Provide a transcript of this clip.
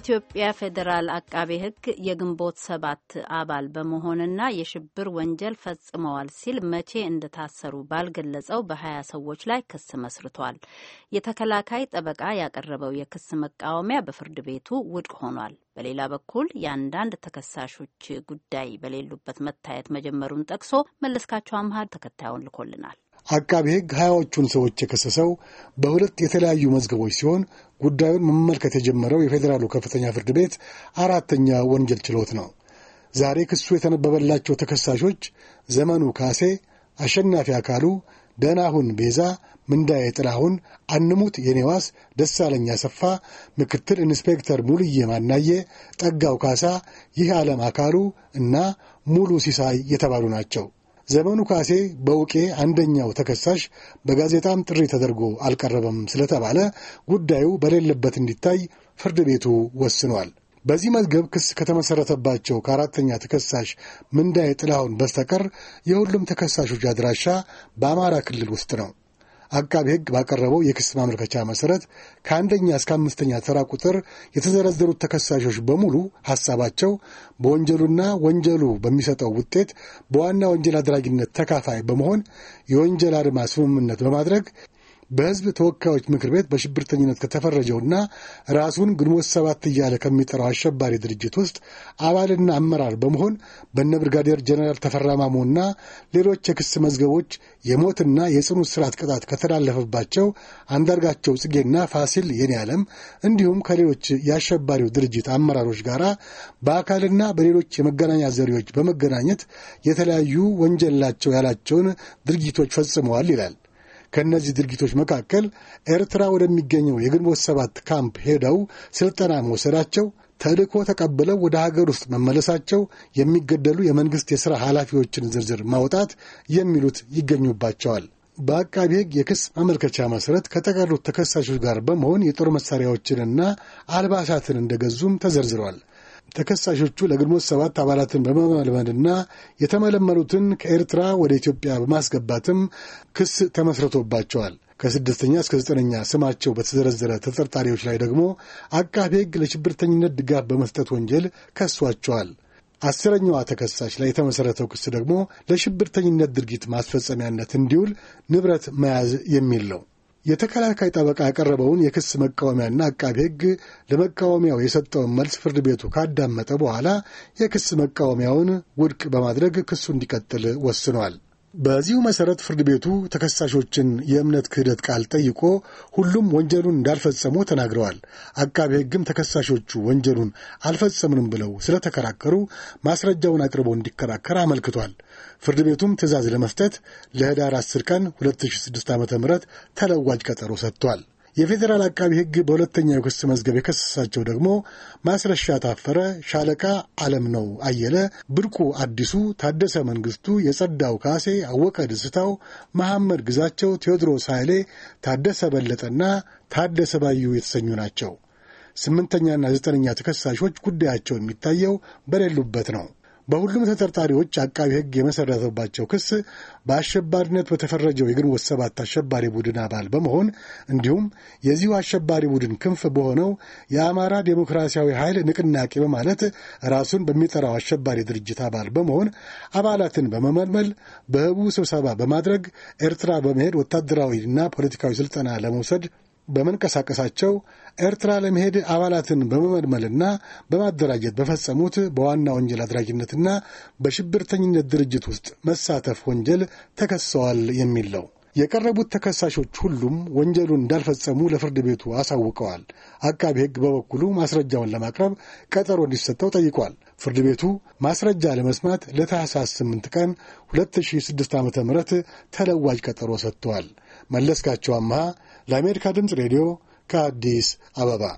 የኢትዮጵያ ፌዴራል አቃቤ ሕግ የግንቦት ሰባት አባል በመሆንና የሽብር ወንጀል ፈጽመዋል ሲል መቼ እንደታሰሩ ባልገለጸው በሀያ ሰዎች ላይ ክስ መስርቷል። የተከላካይ ጠበቃ ያቀረበው የክስ መቃወሚያ በፍርድ ቤቱ ውድቅ ሆኗል። በሌላ በኩል የአንዳንድ ተከሳሾች ጉዳይ በሌሉበት መታየት መጀመሩን ጠቅሶ መለስካቸው አምሃ ተከታዩን ልኮልናል። አቃቤ ሕግ ሀያዎቹን ሰዎች የከሰሰው በሁለት የተለያዩ መዝገቦች ሲሆን ጉዳዩን መመልከት የጀመረው የፌዴራሉ ከፍተኛ ፍርድ ቤት አራተኛ ወንጀል ችሎት ነው። ዛሬ ክሱ የተነበበላቸው ተከሳሾች ዘመኑ ካሴ፣ አሸናፊ አካሉ፣ ደናሁን ቤዛ፣ ምንዳዬ ጥላሁን፣ አንሙት የኔዋስ፣ ደሳለኛ ሰፋ ምክትል ኢንስፔክተር ሙልዬ ማናዬ፣ ጠጋው ካሳ፣ ይህ ዓለም አካሉ እና ሙሉ ሲሳይ የተባሉ ናቸው። ዘመኑ ካሴ በውቄ አንደኛው ተከሳሽ በጋዜጣም ጥሪ ተደርጎ አልቀረበም ስለተባለ ጉዳዩ በሌለበት እንዲታይ ፍርድ ቤቱ ወስኗል። በዚህ መዝገብ ክስ ከተመሠረተባቸው ከአራተኛ ተከሳሽ ምንዳይ ጥላሁን በስተቀር የሁሉም ተከሳሾች አድራሻ በአማራ ክልል ውስጥ ነው። አቃቢ ሕግ ባቀረበው የክስ ማመልከቻ መሠረት ከአንደኛ እስከ አምስተኛ ተራ ቁጥር የተዘረዘሩት ተከሳሾች በሙሉ ሐሳባቸው በወንጀሉና ወንጀሉ በሚሰጠው ውጤት በዋና ወንጀል አድራጊነት ተካፋይ በመሆን የወንጀል አድማ ስምምነት በማድረግ በህዝብ ተወካዮች ምክር ቤት በሽብርተኝነት ከተፈረጀውና ራሱን ግንቦት ሰባት እያለ ከሚጠራው አሸባሪ ድርጅት ውስጥ አባልና አመራር በመሆን በነ ብርጋዴር ጀኔራል ተፈራ ማሞና ሌሎች የክስ መዝገቦች የሞትና የጽኑ እስራት ቅጣት ከተላለፈባቸው አንዳርጋቸው ጽጌና ፋሲል የኔዓለም እንዲሁም ከሌሎች የአሸባሪው ድርጅት አመራሮች ጋር በአካልና በሌሎች የመገናኛ ዘዴዎች በመገናኘት የተለያዩ ወንጀላቸው ያላቸውን ድርጊቶች ፈጽመዋል ይላል። ከእነዚህ ድርጊቶች መካከል ኤርትራ ወደሚገኘው የግንቦት ሰባት ካምፕ ሄደው ሥልጠና መውሰዳቸው፣ ተልእኮ ተቀብለው ወደ ሀገር ውስጥ መመለሳቸው፣ የሚገደሉ የመንግሥት የሥራ ኃላፊዎችን ዝርዝር ማውጣት የሚሉት ይገኙባቸዋል። በአቃቢ ሕግ የክስ ማመልከቻ መሠረት ከጠቀሩት ተከሳሾች ጋር በመሆን የጦር መሣሪያዎችንና አልባሳትን እንደገዙም ተዘርዝረዋል። ተከሳሾቹ ለግንቦት ሰባት አባላትን በመመልመልና የተመለመሉትን ከኤርትራ ወደ ኢትዮጵያ በማስገባትም ክስ ተመስርቶባቸዋል። ከስድስተኛ እስከ ዘጠነኛ ስማቸው በተዘረዘረ ተጠርጣሪዎች ላይ ደግሞ አቃቤ ሕግ ለሽብርተኝነት ድጋፍ በመስጠት ወንጀል ከሷቸዋል። አስረኛዋ ተከሳሽ ላይ የተመሠረተው ክስ ደግሞ ለሽብርተኝነት ድርጊት ማስፈጸሚያነት እንዲውል ንብረት መያዝ የሚል ነው። የተከላካይ ጠበቃ ያቀረበውን የክስ መቃወሚያና አቃቢ ሕግ ለመቃወሚያው የሰጠውን መልስ ፍርድ ቤቱ ካዳመጠ በኋላ የክስ መቃወሚያውን ውድቅ በማድረግ ክሱ እንዲቀጥል ወስኗል። በዚሁ መሰረት ፍርድ ቤቱ ተከሳሾችን የእምነት ክህደት ቃል ጠይቆ ሁሉም ወንጀሉን እንዳልፈጸሙ ተናግረዋል። አቃቤ ሕግም ተከሳሾቹ ወንጀሉን አልፈጸምንም ብለው ስለተከራከሩ ማስረጃውን አቅርቦ እንዲከራከር አመልክቷል። ፍርድ ቤቱም ትዕዛዝ ለመስጠት ለህዳር 10 ቀን 2006 ዓ ም ተለዋጅ ቀጠሮ ሰጥቷል። የፌዴራል አቃቢ ሕግ በሁለተኛው የክስ መዝገብ የከሰሳቸው ደግሞ ማስረሻ ታፈረ፣ ሻለቃ አለም ነው አየለ፣ ብርቁ አዲሱ፣ ታደሰ መንግስቱ፣ የጸዳው ካሴ፣ አወቀ ደስታው፣ መሐመድ ግዛቸው፣ ቴዎድሮስ ኃይሌ፣ ታደሰ በለጠና ታደሰ ባዩ የተሰኙ ናቸው። ስምንተኛና ዘጠነኛ ተከሳሾች ጉዳያቸው የሚታየው በሌሉበት ነው። በሁሉም ተጠርጣሪዎች አቃቢ ሕግ የመሠረተባቸው ክስ በአሸባሪነት በተፈረጀው የግንቦት ሰባት አሸባሪ ቡድን አባል በመሆን እንዲሁም የዚሁ አሸባሪ ቡድን ክንፍ በሆነው የአማራ ዴሞክራሲያዊ ኃይል ንቅናቄ በማለት ራሱን በሚጠራው አሸባሪ ድርጅት አባል በመሆን አባላትን በመመልመል በህቡ ስብሰባ በማድረግ ኤርትራ በመሄድ ወታደራዊና ፖለቲካዊ ስልጠና ለመውሰድ በመንቀሳቀሳቸው ኤርትራ ለመሄድ አባላትን በመመልመልና በማደራጀት በፈጸሙት በዋና ወንጀል አድራጊነትና በሽብርተኝነት ድርጅት ውስጥ መሳተፍ ወንጀል ተከሰዋል የሚል ነው። የቀረቡት ተከሳሾች ሁሉም ወንጀሉን እንዳልፈጸሙ ለፍርድ ቤቱ አሳውቀዋል። አቃቢ ሕግ በበኩሉ ማስረጃውን ለማቅረብ ቀጠሮ እንዲሰጠው ጠይቋል። ፍርድ ቤቱ ማስረጃ ለመስማት ለታህሳስ 8 ቀን 2006 ዓ ም ተለዋጅ ቀጠሮ ሰጥቷል። መለስካቸው አመሃ ለአሜሪካ ድምፅ ሬዲዮ ከአዲስ አበባ